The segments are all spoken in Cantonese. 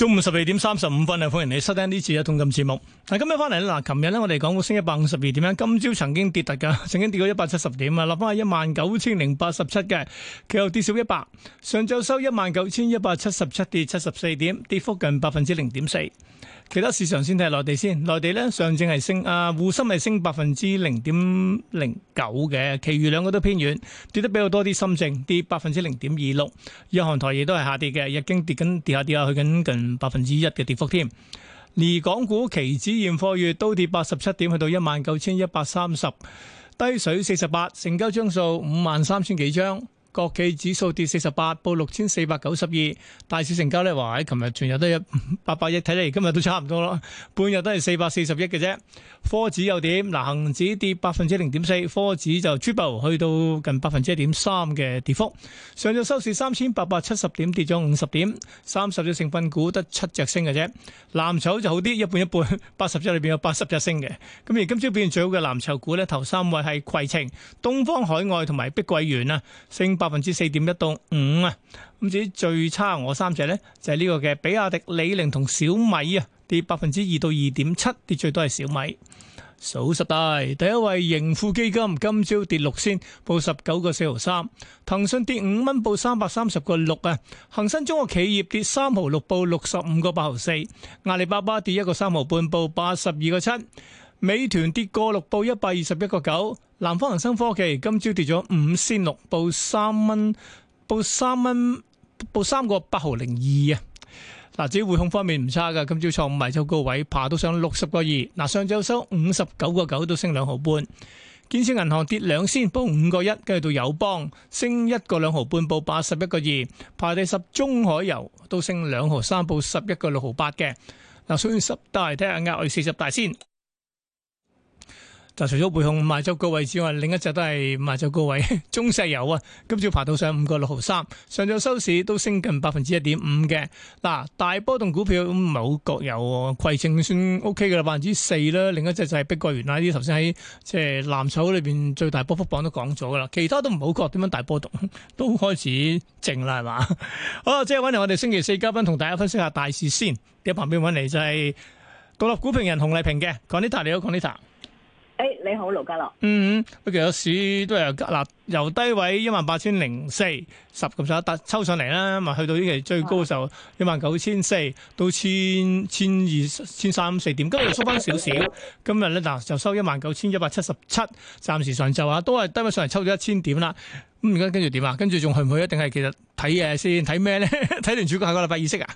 中午十二點三十五分啊，歡迎你收聽呢次嘅《通鑑》節目。嗱，今日翻嚟咧，嗱，琴日咧我哋講到升一百五十二點，咁今朝曾經跌突噶，曾經跌到一百七十點啊，立翻係一萬九千零八十七嘅，佢又跌少一百，上晝收一萬九千一百七十七，跌七十四點，跌幅近百分之零點四。其他市場先睇下內地先，內地咧上證係升，啊滬深係升百分之零點零九嘅，其餘兩個都偏軟，跌得比較多啲。深證跌百分之零點二六，日韓台亦都係下跌嘅，日經跌緊跌下跌下，去緊近百分之一嘅跌幅添。而港股期指現貨月都跌八十七點，去到一萬九千一百三十，低水四十八，成交張數五萬三千幾張。國企指數跌四十八，報六千四百九十二。大市成交呢話喺琴日全日都有八百億，睇嚟今日都差唔多咯。半日都係四百四十億嘅啫。科指又點？嗱，恒指跌百分之零點四，科指就 jump 去到近百分之一點三嘅跌幅。上晝收市三千八百七十點，跌咗五十點。三十隻成分股得七隻升嘅啫。藍籌就好啲，一半一半，八十隻裏邊有八十隻升嘅。咁而今朝表現最好嘅藍籌股呢？頭三位係攜程、東方海外同埋碧桂園啊。成百分之四點一到五啊！咁至於最差我三隻呢、這個，就係呢個嘅比亞迪、李寧同小米啊，跌百分之二到二點七，跌最多係小米。數十大第一位盈富基金今朝跌六仙，報十九個四毫三；騰訊跌五蚊，報三百三十個六啊；恒生中國企業跌三毫六，報六十五個八毫四；阿里巴巴跌一個三毫半，報八十二個七。美團跌過六，報一百二十一個九。南方恒生科技今朝跌咗五仙六，報三蚊，報三蚊，報三個八毫零二啊。嗱，至於匯控方面唔差噶，今朝創埋咗個位，爬到上六十個二。嗱，上晝收五十九個九，都升兩毫半。建設銀行跌兩仙，報五個一。跟住到友邦升一個兩毫半，報八十一個二。排第十，中海油都升兩毫三，報十一個六毫八嘅嗱。數十大睇下，額外四十大先。除咗匯控賣咗高位之外，另一隻都係賣咗高位。中石油啊，今朝爬到上五個六毫三，上晝收市都升近百分之一點五嘅。嗱，大波動股票都唔係好覺有攜程，算 O K 噶啦，百分之四啦。另一隻就係碧桂園啦，啲頭先喺即係藍籌裏邊最大波幅榜都講咗噶啦，其他都唔好覺點樣大波動都開始靜啦，係嘛？好啊，即係搵嚟我哋星期四嘉賓同大家分析下大市先。喺旁邊搵嚟就係獨立股評人熊麗萍嘅，Conita 你好，Conita。講誒、哎，你好，盧家樂。嗯嗯，畢有市都由嗱，由低位一萬八千零四十咁上一突抽上嚟啦，咪去到呢期最高就一萬九千四到千千二千三四點，今日縮翻少少。今日咧嗱，就收一萬九千一百七十七，暫時上晝啊都係低位上嚟抽咗一千點啦。咁而家跟住點啊？跟住仲去唔去？一定係其實睇嘢，先睇咩咧？睇 完主角下個禮拜議息啊？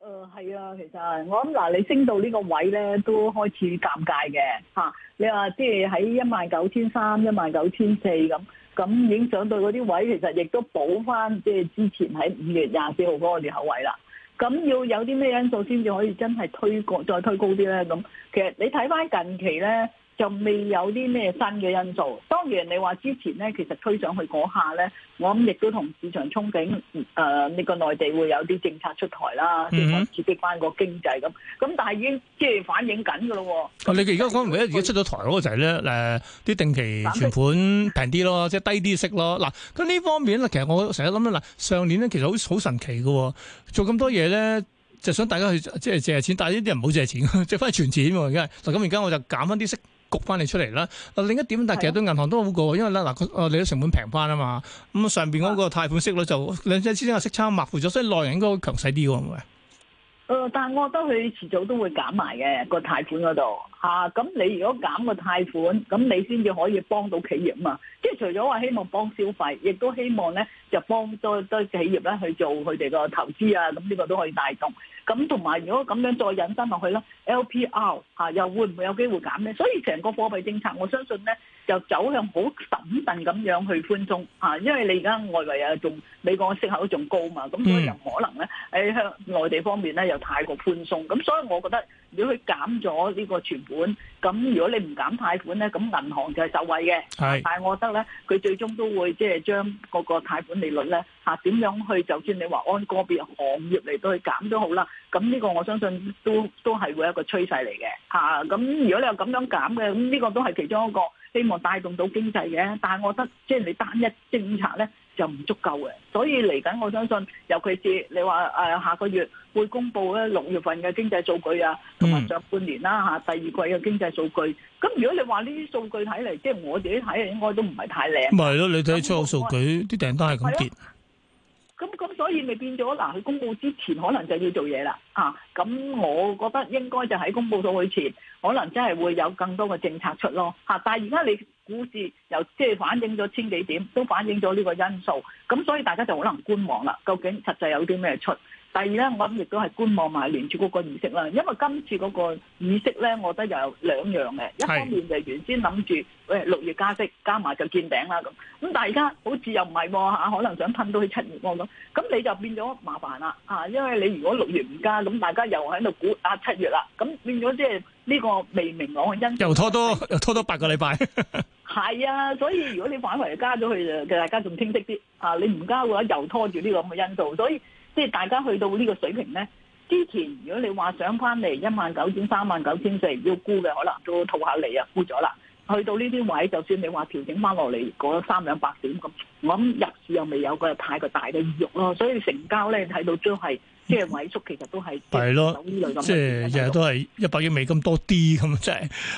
誒，係啊，其實我諗嗱，你升到呢個位咧，都開始尷尬嘅吓。啊你話即係喺一萬九千三、一萬九千四咁，咁已經上到嗰啲位，其實亦都補翻，即係之前喺五月廿四號嗰個裂口位啦。咁要有啲咩因素先至可以真係推過、再推高啲咧？咁其實你睇翻近期咧。就未有啲咩新嘅因素。當然你話之前咧，其實推上去嗰下咧，我諗亦都同市場憧憬，誒呢個內地會有啲政策出台啦，嚟刺激翻個經濟咁。咁但係已經即係反映緊㗎咯。你而家講唔而家出咗台嗰個就係咧，誒啲定期存款平啲咯，即係低啲息咯。嗱咁呢方面咧，其實我成日諗咧，嗱上年咧其實好好神奇嘅，做咁多嘢咧，就想大家去即係借錢，但係呢啲人唔好借錢，借翻去存錢喎而家。咁而家我就減翻啲息。焗翻你出嚟啦！另一點，但係其實對銀行都好過，的因為咧嗱，個利差成本平翻啊嘛。咁上邊嗰個貸款息率就，的就兩者之間嘅息差抹平咗，所以內銀應該強勢啲嘅，會唔會？呃、但係我覺得佢遲早都會減埋嘅個貸款嗰度。嚇，咁你如果減個貸款，咁你先至可以幫到企業嘛？即係除咗話希望幫消費，亦都希望咧就幫多啲企業咧去做佢哋個投資啊！咁呢個都可以帶動。咁同埋如果咁樣再引申落去咯，LPR 嚇又會唔會有機會減咧？所以成個貨幣政策我相信咧就走向好謹慎咁樣去寬鬆嚇，因為你而家外圍啊仲美國息口仲高嘛，咁所以又可能咧喺向內地方面咧又太過寬鬆。咁所以我覺得如果佢減咗呢個全款咁，如果你唔減貸款咧，咁銀行就係受惠嘅。係是，但係我覺得咧，佢最終都會即係將嗰個貸款利率咧，吓、啊、點樣去？就算你話按個別行業嚟到去減都好啦。咁呢個我相信都都係會一個趨勢嚟嘅嚇。咁如果你有咁樣減嘅，咁呢個都係其中一個希望帶動到經濟嘅。但係我覺得即係你單一政策咧就唔足夠嘅。所以嚟緊我相信，尤其是你話誒下個月會公布咧六月份嘅經濟數據啊，同埋上半年啦嚇第二季嘅經濟數據。咁如果你話呢啲數據睇嚟，即係我自己睇啊，應該都唔係太靚。唔係咯，你睇出口數據，啲訂單係咁跌。咁咁所以咪變咗嗱，佢公布之前可能就要做嘢啦，啊！咁我覺得應該就喺公布到佢前，可能真係會有更多嘅政策出咯，嚇、啊！但係而家你股市又即係反映咗千幾點，都反映咗呢個因素，咁所以大家就可能觀望啦，究竟實際有啲咩出？第二咧，我諗亦都係觀望埋聯儲嗰個議息啦。因為今次嗰個議息咧，我覺得又有兩樣嘅。一方面就係原先諗住誒六月加息，加埋就見頂啦。咁咁，但係而家好似又唔係喎嚇，可能想噴到去七月咁。咁你就變咗麻煩啦嚇，因為你如果六月唔加，咁大家又喺度估啊七月啦。咁變咗即係呢個未明朗嘅因，又拖多又拖多八個禮拜。係啊，所以如果你範圍加咗去，就大家仲清晰啲嚇。你唔加嘅話，又拖住呢個咁嘅因素，所以。即係大家去到呢個水平呢，之前如果你話想翻嚟一萬九千三萬九千四，要沽嘅可能都套下嚟啊，沽咗啦。去到呢啲位，就算你話調整翻落嚟嗰三兩百點咁，我諗入市又未有個太過大嘅意欲咯，所以成交咧睇到都係。即係萎縮，其實都係係咯，即係日日都係一百億美金多啲咁，即係。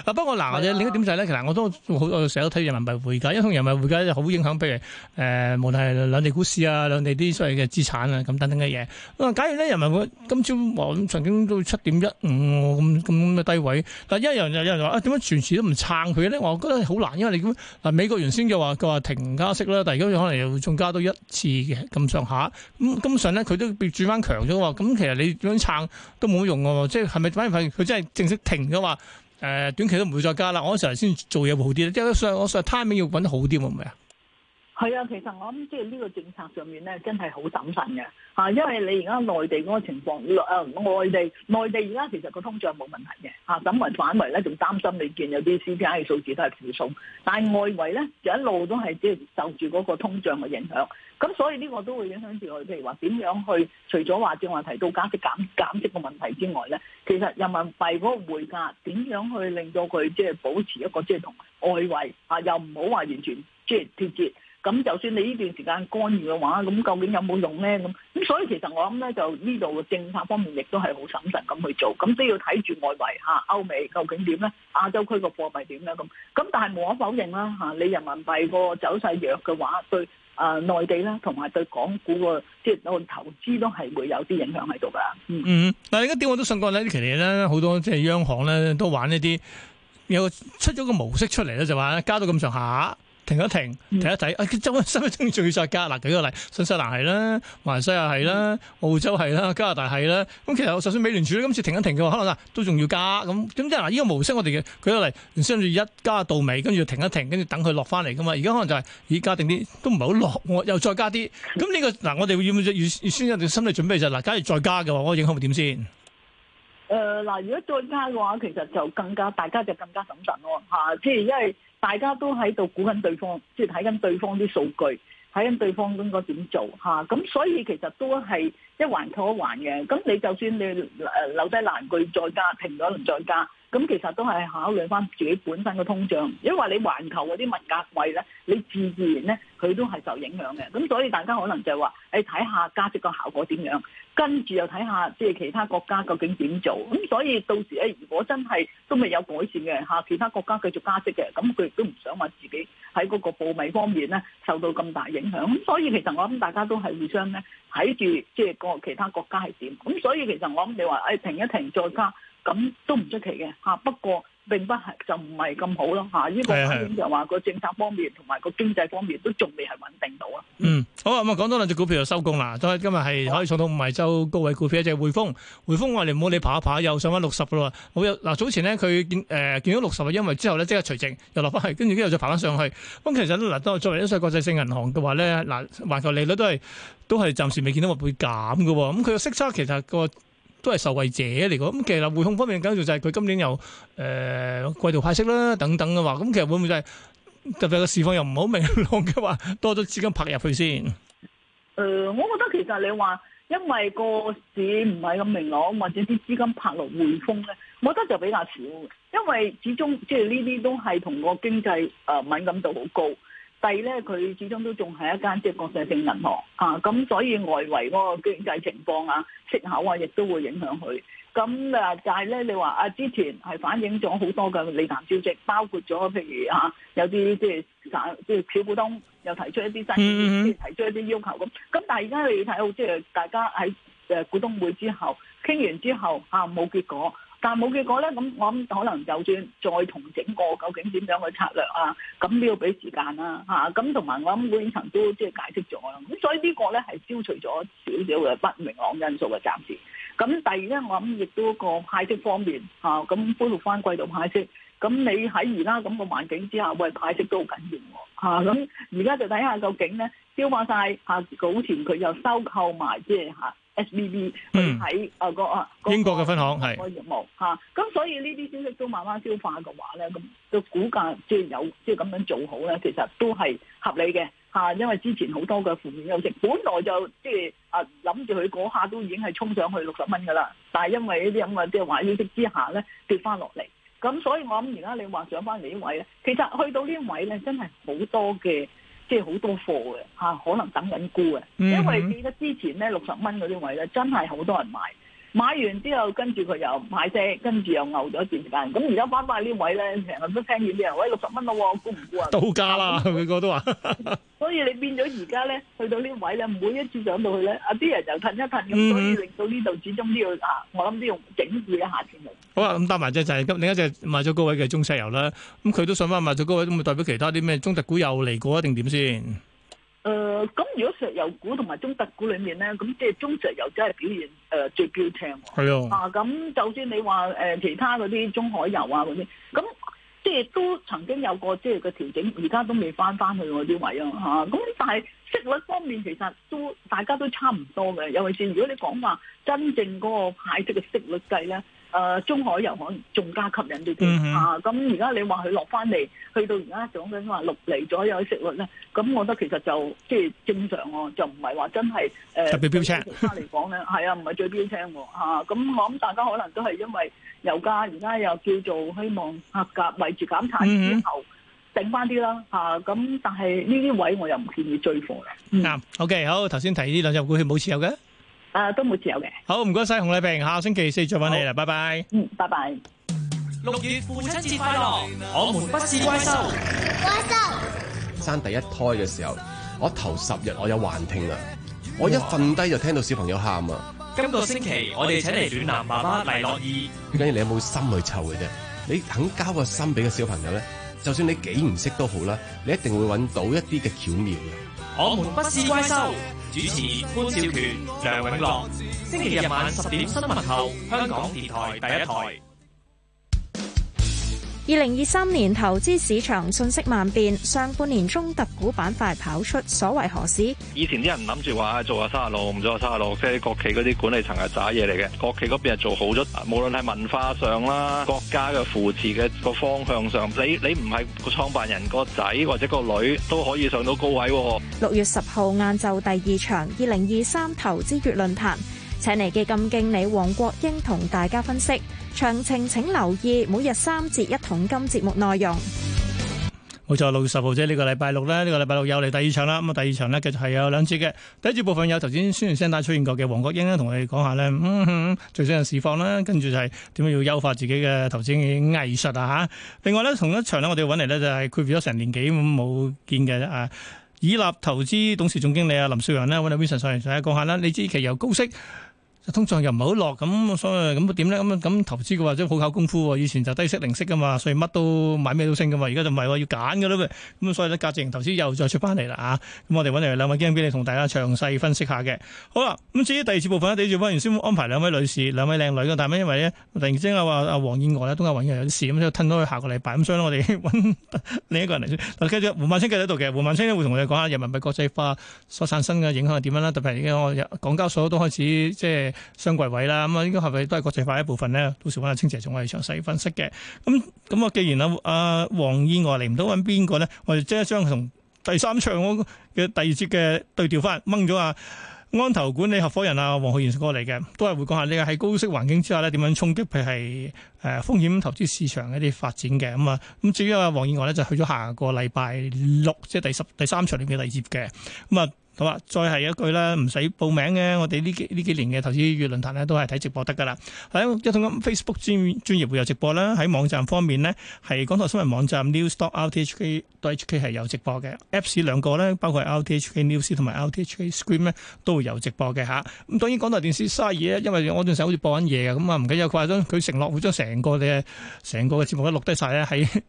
啊， 不過嗱，我哋的另一點就係咧，其實我都好多時都睇人民幣匯價，因為人民幣匯價好影響，譬如誒、呃，無論係兩地股市啊，兩地啲所謂嘅資產啊，咁等等嘅嘢。假如咧人民幣今朝曾經都七點一五咁咁嘅低位，但係有人又有人話啊，點解全市都唔撐佢咧？我覺得好難，因為你咁嗱，美國原先就話佢話停加息啦，但係而家可能又仲加多一次嘅咁上下，咁基本上咧佢都變轉翻強咗。咁其實你點樣撐都冇用喎，即係係咪反而佢真係正式停咗話誒，短期都唔會再加啦。我成日先做嘢會好啲，即係我我我 timing 要揾得好啲，會唔會啊？係啊，其實我諗即係呢個政策上面咧，真係好審慎嘅嚇，因為你而家內地嗰個情況，內啊內地內地而家其實個通脹冇問題嘅嚇，審核反而咧仲擔心你見有啲 CPI 嘅數字都係負數，但係外圍咧就一路都係即係受住嗰個通脹嘅影響，咁所以呢個都會影響住我哋，譬如話點樣去除咗話正話提到加息減減息嘅問題之外咧，其實人民幣嗰個匯價點樣去令到佢即係保持一個即係同外圍啊又唔好話完全即係脫節。咁就算你呢段時間干預嘅話，咁究竟有冇用咧？咁咁所以其實我諗咧，就呢度嘅政策方面亦都係好審慎咁去做。咁都要睇住外圍嚇、啊，歐美究竟點咧？亞洲區個貨幣點咧？咁咁但係無可否認啦嚇、啊，你人民幣個走勢弱嘅話，對啊、呃、內地咧，同埋對港股個即係按投資都係會有啲影響喺度噶。嗯嗯，但係而家點我都信過咧，其實咧好多即係央行咧都玩一啲有出咗個模式出嚟咧，就話加到咁上下。停一停，停一睇。周生都仲要再加噶。嗱，舉個例，新西蘭係啦，馬來西亞係啦，澳洲係啦，加拿大係啦。咁其實我就算美聯儲今次停一停嘅話，可能都仲要加。咁即係嗱？呢個模式我哋嘅舉個例，先住一加到尾，跟住停一停，跟住等佢落翻嚟噶嘛。而家可能就係而家定啲都唔係好落，我又再加啲。咁呢、這個嗱、啊，我哋要唔要先有啲心理準備就嗱、是，假如再加嘅話，我影響會點先？誒、呃，嗱、呃，如果再加嘅話，其實就更加大家就更加審慎咯。吓、啊，即係因為。大家都喺度估緊對方，即係睇緊對方啲數據，睇緊對方應該點做吓。咁、啊、所以其實都係。一環扣一環嘅，咁你就算你誒留低懶句再加停咗一輪再加，咁其實都係考慮返自己本身嘅通脹，因為你環球嗰啲物價貴咧，你自然咧佢都係受影響嘅。咁所以大家可能就係話，誒睇下加息個效果點樣，跟住又睇下即係其他國家究竟點做。咁所以到時咧，如果真係都未有改善嘅嚇，其他國家繼續加息嘅，咁佢亦都唔想話自己喺嗰個貿米方面咧受到咁大影響。咁所以其實我諗大家都係互相咧睇住即係個。其他國家係點咁？所以其實我諗你話：誒、哎、停一停再加，咁都唔出奇嘅吓。不過。.並不係就唔係咁好咯，吓呢個反映就話個政策方面同埋個經濟方面都仲未係穩定到啊。嗯，好啊，咁啊，講多兩隻股票就收工啦。咁今日係可以坐到五位周高位股票，就匯豐。匯豐話你唔好，你爬一爬，又上翻六十噶啦。好啦，嗱早前咧佢見誒見到六十啊，因為之後咧即刻除淨又落翻去，跟住之後再爬翻上去。咁其實嗱，作為一隻國際性銀行嘅話咧，嗱環球利率都係都係暫時未見到會減噶。咁佢個息差其實個。都係受惠者嚟嘅，咁其實匯控方面嘅感受就係佢今年又誒、呃、季度派息啦等等嘅話，咁其實會唔會就係、是、特別個市況又唔好明朗嘅話，多咗資金拍入去先？誒、呃，我覺得其實你話因為個市唔係咁明朗，或者啲資金拍落匯豐咧，我覺得就比較少，因為始終即係呢啲都係同個經濟誒敏感度好高。第二咧佢始終都仲係一間即係國際性銀行啊，咁、嗯、所以外圍嗰個經濟情況啊、息口啊，亦都會影響佢。咁、嗯、啊，但係咧，你話啊，之前係反映咗好多嘅利淡消息，包括咗譬如啊，有啲即係即係小股東又提出一啲新，即係提出一啲要求咁。咁、嗯嗯、但係而家你睇好，即、就、係、是、大家喺誒股東會之後傾完之後，嚇、啊、冇結果。但冇結果咧，咁我諗可能就算再同整過，究竟點樣嘅策略啊？咁都要俾時間啦、啊，嚇咁同埋我諗管理層都即係解釋咗啦。咁所以呢個咧係消除咗少少嘅不明朗因素嘅、啊，暫時。咁第二咧，我諗亦都個派息方面嚇，咁恢復翻季度派息。咁你喺而家咁個環境之下，喂派息都好緊要喎。咁而家就睇下究竟咧消化曬嚇，早、啊、前佢又收購埋即係嚇。啊 S B B、嗯、去睇啊個啊英國嘅分行係個業務吓，咁是、啊、所以呢啲消息都慢慢消化嘅話咧，咁個股價即係有即係咁樣做好咧，其實都係合理嘅吓、啊，因為之前好多嘅負面消息，本來就即係啊諗住佢嗰下都已經係衝上去六十蚊噶啦，但係因為呢啲咁嘅即係壞消息之下咧跌翻落嚟，咁所以我諗而家你話上翻嚟呢位咧，其實去到位呢位咧真係好多嘅。即係好多貨嘅嚇，啊，可能等緊沽嘅，因為記得之前咧六十蚊嗰啲位咧，真係好多人買。買完之後，跟住佢又買車，跟住又牛咗一段時間。咁而家翻翻呢位咧，成日都聽見啲人喂六十蚊咯，估唔估啊？猜猜到價啦，佢個都話。 所以你變咗而家咧，去到呢位咧，每一次上到去咧，啊啲人就噴一噴咁。所以、嗯、令到呢度，始終都要啊，我諗都要整治一下先。好啊，咁搭埋隻就係咁，另一隻賣咗高位嘅、就是、中石油啦。咁佢都上翻賣咗高位，咁咪代表其他啲咩中特股又嚟過一定點先？咁如果石油股同埋中特股裏面咧，咁即係中石油真係表現誒、呃、最標青喎。 啊，啊咁就算你話誒、呃、其他嗰啲中海油啊嗰啲，咁即係都曾經有過即係個調整，而家都未翻翻去嗰啲位啊嚇。咁但係息率方面其實都大家都差唔多嘅，尤其是如果你講話真正嗰個派息嘅息率計咧。誒中海油可能仲加吸引啲啲啊！咁而家你話佢落翻嚟，去到而家講緊話六釐左右嘅息率咧，咁我覺得其實就即係正常喎，就唔係話真係誒特別標青嚟講咧，係啊，唔係最標青嚇。咁我諗大家可能都係因為油價而家又叫做希望合格圍住減產之後整翻啲啦嚇。咁但係呢啲位我又唔建議追貨啦。嗯，OK，好，頭先提呢兩隻股冇持有嘅。誒、啊，都冇自由嘅。好，唔該晒熊麗萍，下星期四再返嚟啦，好拜拜。嗯，拜拜。六月父親節快樂！我們不是怪獸，我們不是怪獸。怪獸。生第一胎嘅時候，我頭十日我有幻聽啊，我一瞓低就聽到小朋友喊啊。哇今個星期我哋請嚟暖男爸爸黎樂意。關 鍵你有冇心去湊嘅啫，你肯交個心俾個小朋友咧，就算你幾唔識都好啦，你一定會揾到一啲嘅巧妙。我們不是怪獸。主持潘少權、梁永樂，星期日晚十點新聞後，香港電台第一台。二零二三年投資市場瞬息萬變，上半年中特股板塊跑出，所為何事？以前啲人諗住話做下三亞路唔做下三亞路，即係國企嗰啲管理層係渣嘢嚟嘅。國企嗰邊係做好咗，無論係文化上啦、國家嘅扶持嘅個方向上，你你唔係個創辦人個仔或者個女都可以上到高位喎。六月十號晏晝第二場二零二三投資月論壇，請嚟嘅基金經理黃國英同大家分析。詳情請留意每日三節一桶金節目內容。冇錯，老實這個、六月十號啫，呢、這個禮拜六咧，呢個禮拜六又嚟第二場啦。咁啊，第二場呢，繼續係有兩節嘅。第一節部分有頭先宣傳聲帶出現過嘅黃國英咧，同我哋講下咧、嗯嗯，最新嘅示放啦，跟住就係點樣要優化自己嘅投資藝術啊吓。另外呢，同一場呢，我哋揾嚟呢，就係跨越咗成年幾冇見嘅啊，以立投資董事總經理啊林少陽呢，揾阿 Vincent 上嚟再講下啦。你知其由高息。通脹又唔係好落咁，所以咁點咧？咁咁投資嘅話，真係好靠功夫喎。以前就低息零息噶嘛，所以乜都買咩都升噶嘛。而家就唔係喎，要揀嘅啦噃。咁所以咧，價值型投資又再出翻嚟啦嚇。咁、啊、我哋揾嚟兩位基金經理同大家詳細分析下嘅。好啦，咁、嗯、至於第二次部分咧，地住方原先安排兩位女士、兩位靚女嘅。但係因為咧，突然之間話阿黃燕娥咧，東亞銀行有啲事咁，所以褪咗去下個禮拜。咁所以我哋揾另一個人嚟先。嗱，繼續胡萬清繼續喺度嘅。胡萬清咧會同我哋講下人民幣國際化所產生嘅影響係點樣啦。特別係我港交所都開始即係。雙櫃位啦，咁啊應該係咪都係國際化一部分咧？到時揾阿清姐仲可以詳細分析嘅。咁咁啊，既然啊阿黃燕外嚟唔到，揾邊個咧？我哋即將同第三場嗰嘅第二節嘅對調翻，掹咗阿安投管理合伙人阿、啊、黃浩然過嚟嘅，都係會講下呢個喺高息環境之下咧點樣衝擊佢係誒風險投資市場一啲發展嘅。咁啊咁至於阿、啊、黃燕外咧，就去咗下個禮拜六，即、即係、第十第三場嘅第二節嘅咁啊。嗯嗯。好啊！再係一句啦，唔使報名嘅、啊。我哋呢幾呢幾年嘅投資語論壇咧，都係睇直播得噶啦。喺一通 Facebook 專專業會有直播啦。喺網站方面咧，係港台新聞網站 news dot r t h k dot h k 係有直播嘅。Apps 兩個咧，包括 RTHK News 同埋 RTHK Screen 咧都會有直播嘅吓，咁、啊、當然港台電視嘥嘢因為我陣時好似播緊嘢嘅，咁啊唔緊要。佢話將佢承諾會將成個嘅成個嘅節目都錄低晒咧喺。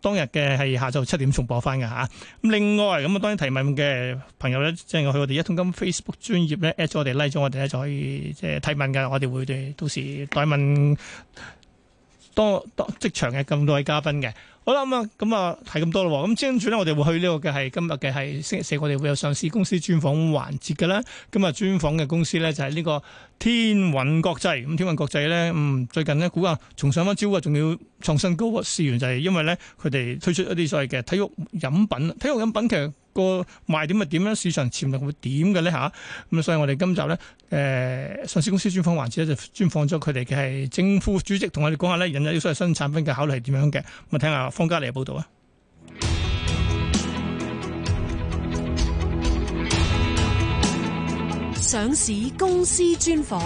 當日嘅係下晝七點重播翻嘅吓咁、啊、另外咁啊、嗯，當然提問嘅朋友咧，即係我去我哋一通金 Facebook 專頁咧，at 咗我哋 like 咗我哋咧就可以即係、就是、提問嘅，我哋會對到時代問多多，多即場嘅咁多位嘉賓嘅。好啦，咁啊，咁啊係咁多咯。咁跟住咧我哋會去呢個嘅係今日嘅係星期四，我哋會有上市公司專訪環節嘅啦，咁啊專訪嘅公司咧就係、是、呢、這個。天韻國際咁，天韻國際咧，嗯，最近咧股價重上一朝啊，仲要創新高啊！試完就係、是、因為咧，佢哋推出一啲所謂嘅體育飲品，體育飲品其實個賣點係點咧？市場潛力會點嘅咧吓？咁、啊嗯、所以我哋今集咧，誒、呃，上市公司專訪環節咧就專訪咗佢哋嘅副主席，同我哋講下咧引入呢啲所謂新產品嘅考慮係點樣嘅？咁啊，聽下方家莉嘅報道啊。上市公司專訪。